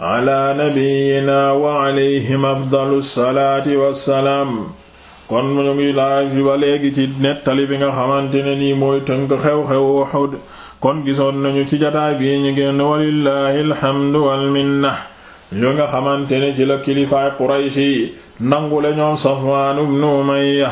ala nabiyyina wa alayhim afdalu salaati salaam kon ñu ngi laaj ba léegi nettali bi nga xamante ne nii mooy tënk xew-xew Uhud kon gisoon nañu ci jataay gi ñu génn walillahi alhamdu walminna yoo nga xamante ne ci la kilifaay Quraysh yi nangule ñoom Safwaan ibn Umayya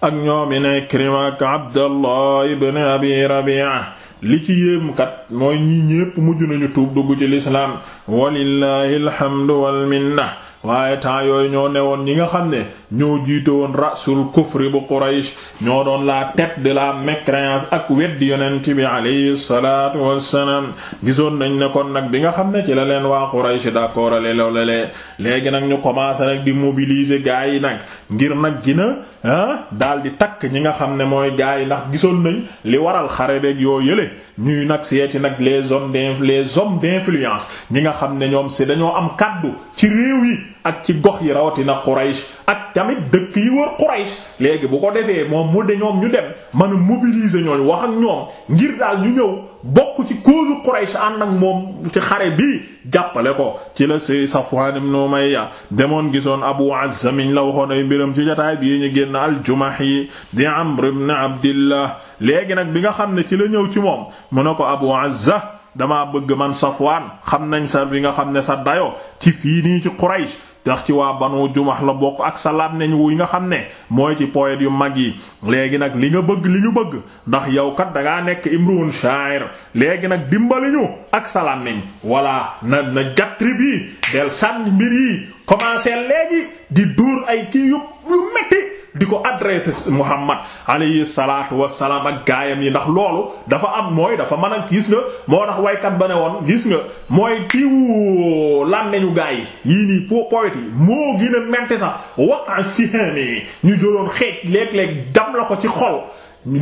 ak ñoom Ikrima ak Abdallah ibn Abi Rabi'a li ci yéemkat mooy ñi ñépp mujj nañu tuub dugg ci lislaam walillahi alhamdu wal minna waaye temps yooyu ñoo newoon ñi nga xam ne ñoo jiite woon rasul kufri bu Quraysh ñoo doon la tête de la mécréance ak weddi yonent bi alayhi salaatu wassalaam gisoon nañ ne kon nag bi nga xam ne ci la leen waa Quraysh d'accord ale loola lee léegi nag ñu commencé nag di mobiliser gaa yi nag ngir nag gina ah daal di takk ñi nga xam ne mooy gaa yi ndax gisoon nañ li waral xare beeg yoo yële ñuy nag seeti nag les hommes les hommes d'influence ñi nga xam ne ñoom si dañoo am kaddu ak ci gox yi rawatina Quraysh ak tamit dëkk yi wër Quraysh léegi bu ko defee moom mu de ñoom ñu dem mën a mobiliser ñooñu wax ak ñoom ngir daal ñu ñëw bokk ci cause Quraysh ànd ak moom ci xare bi jàppale ko ci la say Safwan may Umayya demoon gisoon Abu Azza miñ la waxoon ay mbiram ci jotaay bii ñu génn al-Jumahi di Amr ibn Abdillah léegi nag bi nga xam ne ci la ñëw ci moom mu ne ko Abu Azza damaa bëgg man Safwan xam nañ sa bi nga xam ne sa dayo ci fii nii ci tax ci waa banu jumax la bokk ak salaat nañ wuy nga xam ne mooy ci poète yu mag yi léegi nag li nga bëgg li ñu bëgg ndax yow kat da ngaa nekk imruun sha'ir léegi nag dimbali ñu ak salaat nañ walla na na jattri bi del sànni mbir yi commencé léegi di duur ay kii yu yu metti di ko adressé Muhammad alayhi salaatu wassalaam ak gaayam yi ndax loolu dafa am mooy dafa man a gis nga moo tax waykat ba ne woon gis nga mooy kiiwu làmmeñu gaa yi yii nii po poète yi moo gën a metti sax waxtaan sihaani ñu jëloon xeej léeg-léeg dam la ko ci xol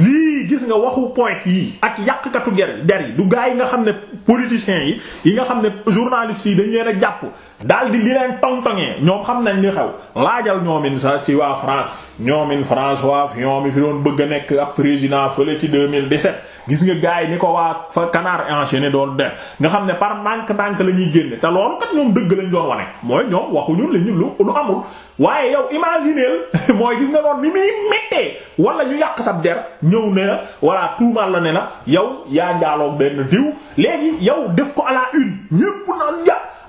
lii gis nga waxu poète yi ak yàqkatu ger der yi du gaa yi nga xam ne politiciens yi yi nga xam ne journalistes yi dañ leen a jàpp daal di li leen tong-tongee ñoom xam nañ li xew laajal ñoomin sa ci waa France ñoomin François Fillon mi fi doon bëgg a nekk ab président fële ci 2017 gis nga gars yi ni ko waa fa Canard enchaîné doon def nga xam ne par ndànk-ndànk la ñuy génne te loolu kat ñoom dëgg lañ doon wane mooy ñoom waxuñu li ñu lu lu amul waaye yow imagineel mooy gis nga noonu ni muy méttee wala ñu yàq sab der ñëw ne la wala tuumal la ne la yow yàggaaloo njaaloog benn diw léegi yow def ko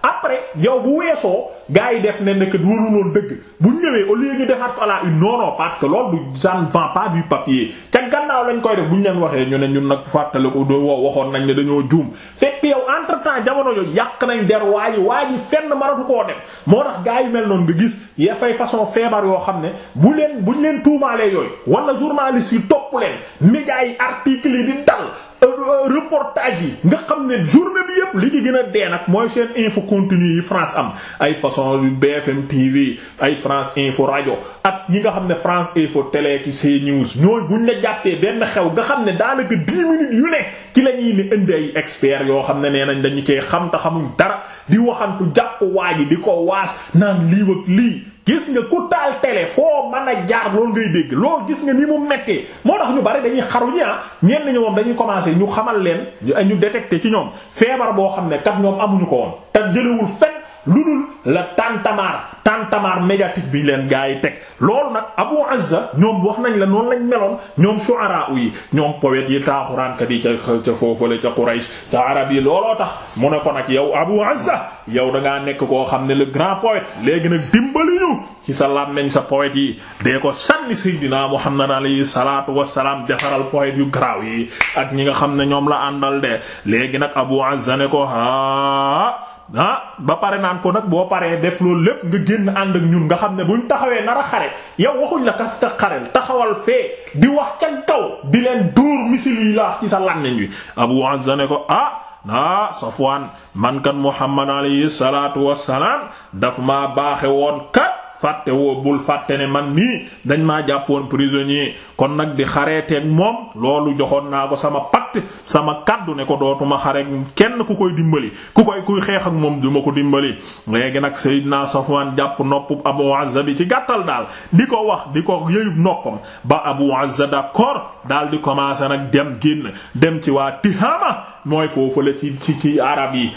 après yow bu weesoo gaa yi def ne nekk du woon dëgg bu ñëwee au lieu ñu defaat ko à une non non parce que loolu du ça ne vend pas du papier ca gannaaw lañ koy def bu ñu leen waxee ñu ne ñun nag fàttali ko doo waxoon nañ ne dañoo juum fekk yow entre temps jamono yooyu yàq nañ der waa ji waa ji fenn maratu koo dem moo tax gars yi mel noonu nga gis ya fay façon feebar yoo xam ne bu leen bu ñu leen tuumaalee yooy yooyu wala journaliste yi topp leen médias yi articles yi di dal. reportage yi nga xam ne journée bi yëpp li ci gën a dee nag mooy seen info continue yi France am ay façon BFM TV ay France Info rajo ak ñi nga xam ne France Info télé ki CNews ñooy buñ la jàppee benn xew nga xam ne daanaka dix minutes yu ne ci la ñuy ni indi ay experts yoo xam ne nee nañ dañu koy xam ta xamuñ dara di waxantu jàpp waa ji di ko waas naan lii ak lii gis nga ku taal télé foo man a jaar loolu ngay dégg loolu gis nga ni mu mettee moo tax ñu bari dañuy xaruñu ah ñenn ñi moom dañuy commencer ñu xamal leen ñu détecter ci ñoom feebar boo xam ne kat ñoom amuñu ko woon te jëlewul fenn lu dul la tàntamaar tintamar médiatique bi leen gaa yi teg loolu nag Abu Azza ñoom wax nañ la noonu lañ meloon ñoom shu'ara yi ñoom poète yi taaxuraankat yi ca ca foofale ca Quraysh ca arab yi looloo tax mu ne ko nag yow Abu Azza yow da ngaa nekk koo xam ne le grand poète léegi nag dimbali ñu ci sa làmmiñ sa poète yi dee ko sànni Seydina Muhammad alayhi salaatu wassalaam defaral poète yu garaaw yi ak ñi nga xam ne ñoom la àndal de léegi nag Abu Azza ne ko haa ah ba pare naan ko nag boo paree def loolu lépp nga génn ànd ak ñun nga xam ne buñ taxawee nar a xare yow waxuñ la kas ta xarel taxawal fee di wax ca kaw di leen dóor misil yi la wax ci sa làmmiñ wi Abu Azza ne ko ah ah Safwan man kan Muhammad alayhi salaatu wassalaam daf ma baaxe woon kat fàtte woo bul fàtte ne man nii dañ maa jàppoon prisonnier kon nag di xareeteeg moom loolu joxoon naa ko sama fàtt sama kaddu ne ko dootuma xare kenn ku koy dimbali ku koy kuy xeex ak moom du ma ko dimbali léegi nag Seydina Safwan jàpp nopp Abu Azza bi ci gàttal daal di ko wax di ko yëyub noppam ba Abu Azza d'accord daal di commencer nag dem génn dem ci waa Tihama mooy foofale ci ci ci arab yi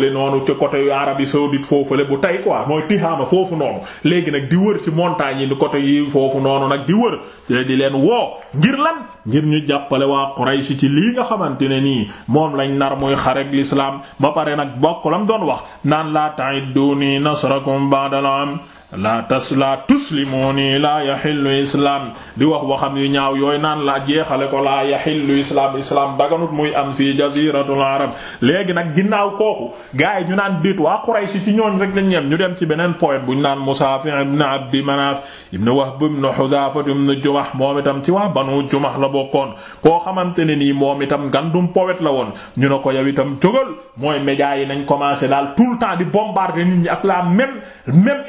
le noonu ci côté Arabie saoudite le bu tey quoi mooy Tihaama foofu noonu léegi nag di wër ci montagnes yi di côté yi foofu noonu nag di wër te di leen woo ngir lan ngir ñu jàppale waa Quraysh ci lii nga xamante ne nii moom lañ nar muy xarek l'islam ba pare nag bokk lam doon wax naan laa ta'iduni nasrakum ba'da al'am laa tas laa tuslimuuni laa yaxillu islaam di wax waxam yu ñaaw yooyu naan laa jeexale ko laa yaxillu islaam islaam daganut muy am fii jaziratul arab léegi nag ginnaaw kooku gars yi ñu naan déet waa Quraysh ci ñooñ rek lañ yem ñu dem ci beneen poète bu ñu naan Musaafi ibn Abdi Manaaf ibn Wahb ibn Hudaafa ibn Jumah moom itam ci waa Banu Jumah la bokkoon koo xamante ne nii moom itam gandum poète la woon ñu ne ko yow itam jógal mooy médias yi nañ commencé daal tout le temps di bombarder nit ñi ak la même même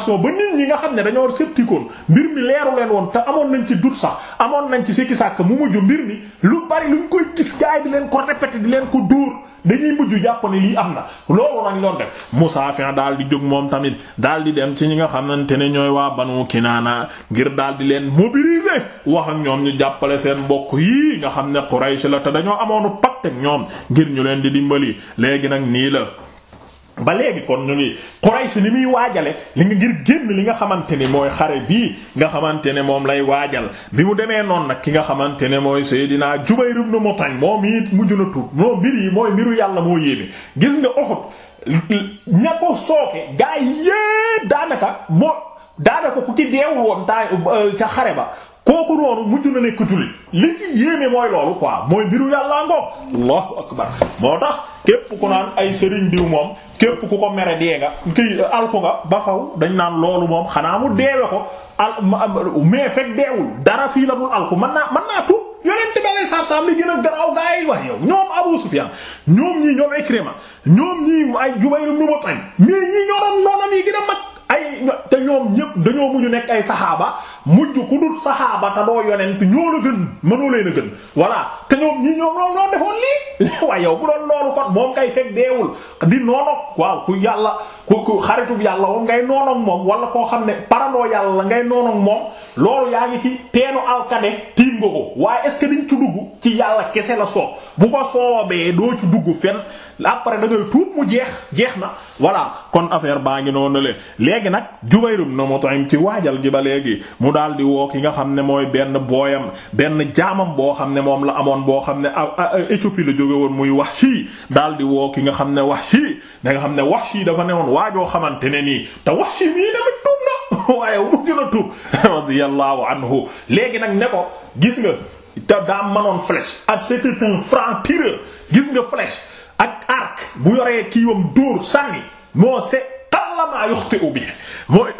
information ba nit ñi nga xam ne dañoo sëptikoon mbir mi leeru leen woon te amoon nañ ci dut sax amoon nañ ci sikki sàkk mu mujj mbir mi lu bari luñ koy gis gars yi leen ko répété di leen ko dóor dañuy mujj jàpp ne am na loolu lañ loon def musaafin daal di jóg moom tamit daal di dem ci ñi nga xamante ne ñooy waa banu kinaana ngir daal di leen mobiliser wax ak ñoom ñu jàppale seen mbokk yi nga xam ne si la te dañoo amoonu pacte ak ñoom ngir ñu leen di dimbali léegi nag nii la ba léegi kon ñu ngi Quraysh ni muy waajale li nga ngir génn li nga xamante ni mooy xare bii nga xamante ne moom lay waajal bi mu demee noonu nag ki nga xamante ne mooy Seydina Jubayr ibn Mut'im moom it mujj na tuut moo mbir yi mooy mbiru yàlla moo yéeme gis nga Uhud ña ko sooke gaa yépp daanaka moo daanaka ku ci deewul woon taa euh, ca xare ba kooku noonu mujj na nekk jullit li ci yéeme mooy loolu quoi mooy mbiru yàllaa ngoog allahu akbar moo tax képp ku naan ay sëriñ diw moom képp ku ko mere dee nga kii alku nga ba faw dañ naan loolu moom xanaa mu deewe ko al mais fekk deewul dara fii la dul alku mën naa mën naa tuub yonent bi alayhi salaatu li gën a garaaw gaa yi wax yow ñoom Abu Sufyan ñoom ñii ñoom Ikrima ñoom ñii ay Jubayr ibn Mut'im mais ñii ñoo doon noonam yi gën a mag ay te ñoom ñépp dañoo mujj nekk ay saxaaba mujj ku dul saxaaba te doo yonent ñoo la gën mënoo leen a gën voilà te ñoom ñii ñoom loolu defoon lii waaye yow bu doon loolu kon moom kay fekk deewul di noonoog waaw ku yàlla ku ku xaritub yàlla moom ngay noonoog moom wala koo xam ne parandoo yàlla la ngay noonoog moom loolu yaa ngi ci teenu alkade tiim nga ko waaye est ci dugg ci yàlla kese la soob bu ko soobee doo ci dugg fen la da ngay tuub mu jeex jeex na voilà kon affaire baa ngi noonu le léegi nag Jubayr ibn Mut'im ci waajal gi ba léegi mu daal di woo ki nga xam ne mooy benn booyam benn jaamam boo xam ne moom la amoon boo xam ne Éthiopie la jóge woon muy Wahshi daal di woo ki nga xam ne Wahshi da nga xam ne wax sii dafa newoon waajoo xamante ne nii te Wahshi mii tamit tuub na waaye mu gën a anhu léegi nag ne ko gis nga te daa manoon flèche at c'était un franc gis nga flèche bu yoree kiiwam dóor sànni moo se xallamaa yuxti bi mooy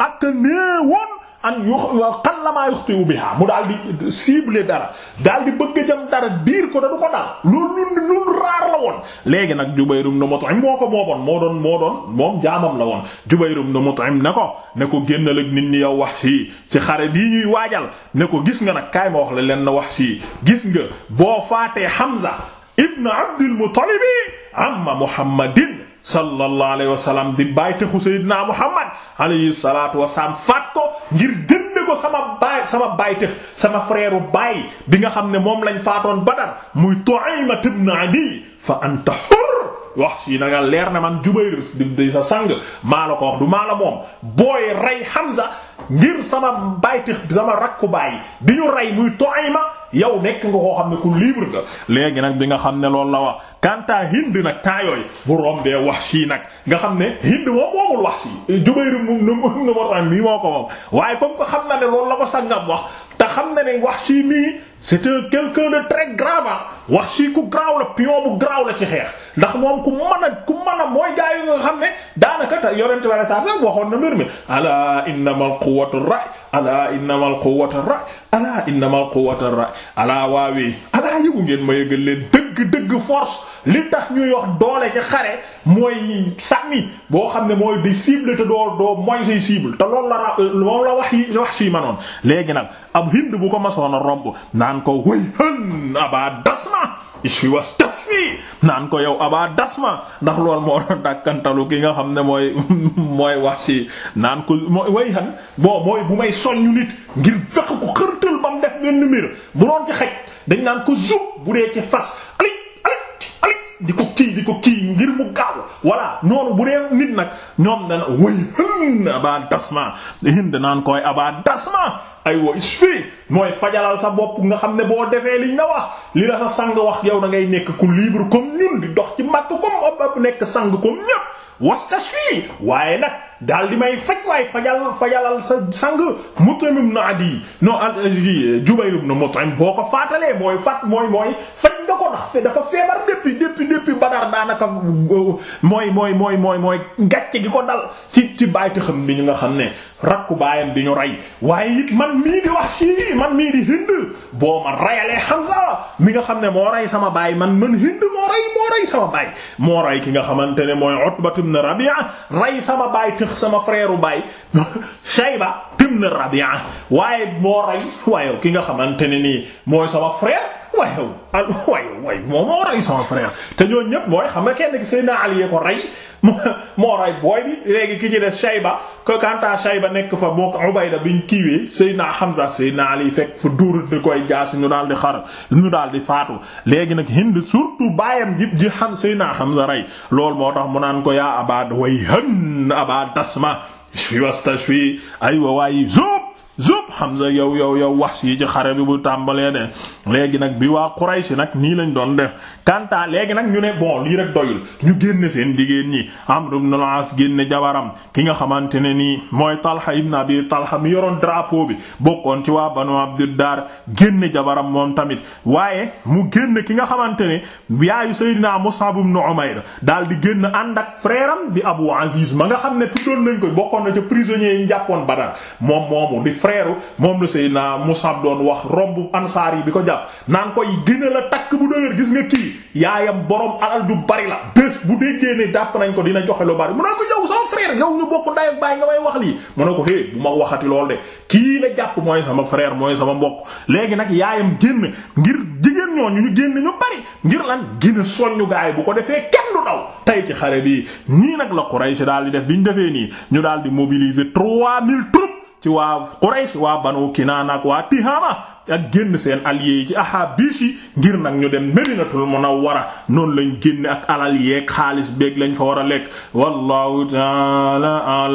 mu daal di dara daal di bëgg jam dara diir ko da du ko daal loolu lun lun raar la woon léegi nag Jubayr ibn Mut'im moo ko mooboon moo doon moo doon moom jaamam la woon Jubayr ibn Mut'im ne ko ne ko génnal ak nit ñi yow Wahshi ci xare bii ñuy waajal ne ko gis nga nag kaay ma wax la leen na Wahshi gis nga boo faatee Hamza ibn Abdil Muttalib amma Muhammadin sallallahu alayhi wa sallam di bàytaxu Seydina Muhammad alayhi salaatu wa salaam faat ko ngir jënd ko sama baay sama bàytax sama frère baay bi nga xam ne moom lañ faatoon Badar muy Tu'ayma ibn Adi fa anta wax si na nga leer na man Jubayr di sa sang maa la ko wax du maa la moom booy rey Hamza ngir sama baytix sama rakku baay di ñu rey muy Tuayma yow nekk nga koo xam ne ku libre nga léegi nag bi nga xam ne loolu la wax kanta hind nag temps yooyu bu rombee Wahshi nag nga xam ne hind moom moomul Wahshi Jubayr moom moom nga moo tax mii moo ko moom waaye comme ko xam na ne loolu la ko sangam wax te xam na ne Wahshi mii c'est quelqu'un de très grave ah. Wahshi ku graaw la pion bu graaw la ci xeex ndax moom ku mën a ku mën a mooy gaa yi nga xam ne daanaka te yonent bi sallallahu alayhi wasallam waxoon na mbir mi ala innamal quwwatu ra'i alaa innamal quwwata ra alaa innamal quwwata ra alaa waawee alaa yëgu ngeen ma yëgal leen dëgg-dëgg force li tax ñuy wax doole ci xare mooy sànni boo xam ne mooy di cible te doo doo mooy te loolu la ra moom la wax yi wax si léegi nag ab hind bu ko masoon a romb naan ko way hën abaa dasma ishfi wastashfi naan ko yow abaa dasma ndax lool moo doon dàkkantalu ki nga xam ne mooy mooy wax si naan ko mooy way han bon mooy bu may soññu nit ngir fekk ko xërtal ba def benn mbir bu doon ci xaj dañ naan ko zub bu dee ci fas ali di ko kii di ko kii ngir mu gaaw voilà noonu bu dee nit nag ñoom dana way hën abaa dasma hind naan koy abaa dasma aywa isfi mooy fajalal sa bopp nga xam ne boo defee liñ na wax li la sa sang wax yow da ngay nekk ku libre comme ñun di dox ci màkk comme a bu nekk sang comme ñépp wastashfi waaye nag daal di may faj waaye fajal fajalal sa sang Mut'im ibn Adi non euh, Jubayr ibn Mut'im boo ko faatalee mooy fat mooy mooy faj nga ko ndax dafa feebar depuis depuis depuis Badar daanaka euh, mooy mooy mooy mooy mooy gàcce gi ko dal ci ci bàyyi xam bi ñu nga xam ne rakku baayam bi ñu rey waaye it man man mii di Wahshi man mii Hind boo ma reyalee Hamza mi nga xam ne moo rey sama baay man man Hind moo rey moo rey sama baay moo rey ki nga xamante ne mooy Utba ibn Rabi'a rey sama baay tëx sama frère baay Shayba ibn Rabi'a waaye moo rey waaye ki nga xamante ne nii mooy sama frère wayow al way way moom moo rey son frère te ñoo ñëpp mooy xam nga kenn ki Seydina Ali ko moo rey booy bi léegi ki ci des Shayba ko kanta Shayba nekk fa moo Ubayda biñ kiiwee Seydina Hamza ak Seydina Ali fekk fa dóorat ni koy jaasi ñu daal di xar ñu daal di faatu léegi nag Hind surtout baayam ji ji xam Seydina Hamza rey moo tax mu naan ko yaa aba way hën aba dasma shwi wastashwi ay wa waayi zo zub Hamza yow yow yow wax yi ci xare bi bu tàmbalee ne léegi nag bi waa Quraysh nag nii lañ doon def kanta léegi nag ñu ne bon lii rek doyul ñu génn seen jigéen ñi Amr ibn al-As génne jabaram ki nga xamante ne nii mooy Talha ibn Abi Talha mi yoroon drapeau bi bokkoon ci waa Banu Abdud Dar génn jabaram moom tamit waaye mu génn ki nga xamante ne yaayu Seydina Mus'ab ibn Umayr daal di génn ànd ak frère am di Abu Aziz ma nga xam ne tuddoon nañ ko bokkoon na ca prisonniers yi ñu frère moom la Seydina Musab doon wax romb ansaar yi bi ko jàpp naan koy gën a la takk bu dëgër gis nga kii yaayam borom alal ju bari la bés bu déggee ne jàpp nañ ko dina joxe lu bari mu ne ko yow sama frère yow ñu bokk ndey ak baay nga may wax lii mu ne ko hé bu ma waxati lool de kii la jàpp mooy sama frère mooy sama mbokk léegi nag yaayam génn ngir jigéen ñooñu ñu génn ñu bari ngir lan gën a soññu gaay bu ko defee kenn du daw tey ci xare bi nii nag la Quraysh daal di def defee ci waa Quraysh waa Banu Kinaana ak waa Tihaama ak génn seen alliés yi ci Ahaabish ngir nag ñu dem Madinatul Munawwara noonu lañ génne ak alal xaalis beeg lañ fa war a lekk wallahu ta'ala